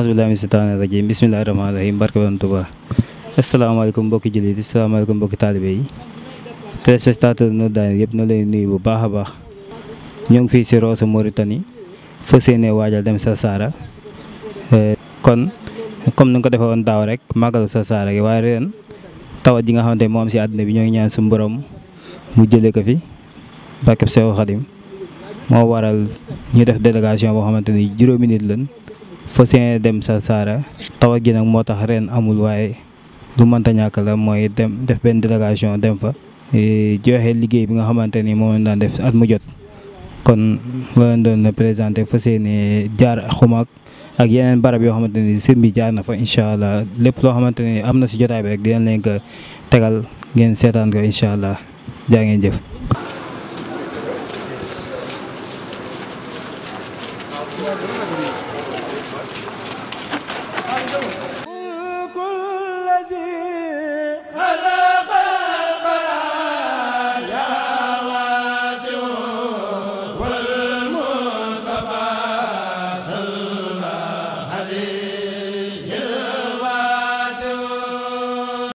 asebilahi mi sitaani rajim bismillahi rahmaani rahim barke borom Tuuba asalaamaaleykum mbokki jullit yi asalaamaaleykum mbokki taalibe yi téléspectateur Nour na leen bu baax a baax ñoo ngi fii si Rosso Mauritanie foo séenee waajal dem Sarsara eh, kon comme ni ko defee woon daaw rek màggal Sarsara gi waaye ren tawat nga xamante moo si àdduna bi ñoo ngi ñaan suñu borom mu jëlee ko fi barkeb Seexu Xadim moo waral ñu def délégation boo xamante ni juróomi nit lañ fas yéene dem saara taw gi nag moo tax ren amul waaye lu mënta ñàkk la mooy dem def benn délégation dem fa e, joxe liggéey bi nga xamante ni moom daan def at mu jot kon la doon na présenté fas yéene jaar xumaag ak yeneen barab yoo xamante ni sëñ bi jaar na fa incha allah lépp loo xamante ni am na si jotaay bi rek dinañ leen ko tegal ngeen seetaan ko incha allah jaa ngeen jëf. Hadi canım.